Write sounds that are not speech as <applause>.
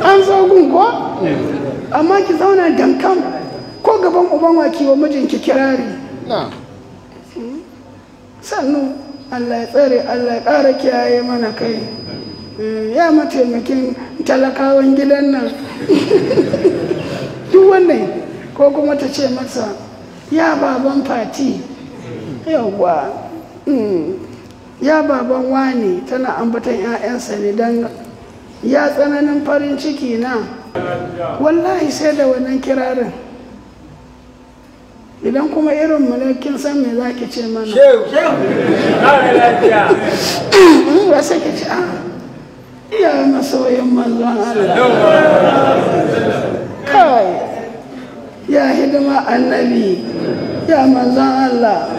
an zo gun ko amma ki zauna dankam ko gaban uban waki wa mijinki kirari sannu allah ya tsare allah ya ƙara kiyaye mana kai eh, ya mataimakin talakawan gidan nan <laughs> duk wannan ko kuma ta ce masa ya baban fati yawwa hmm. ya baban wani tana ambatan 'ya'yansa ne don ya tsananin farin ciki na wallahi sai da wannan kirarin idan kuma irin mulakin san me za ki ce mana ba hmm, sai ki ce iya ah, masoyin manzon Allah kai ya hidima annabi ya manzon Allah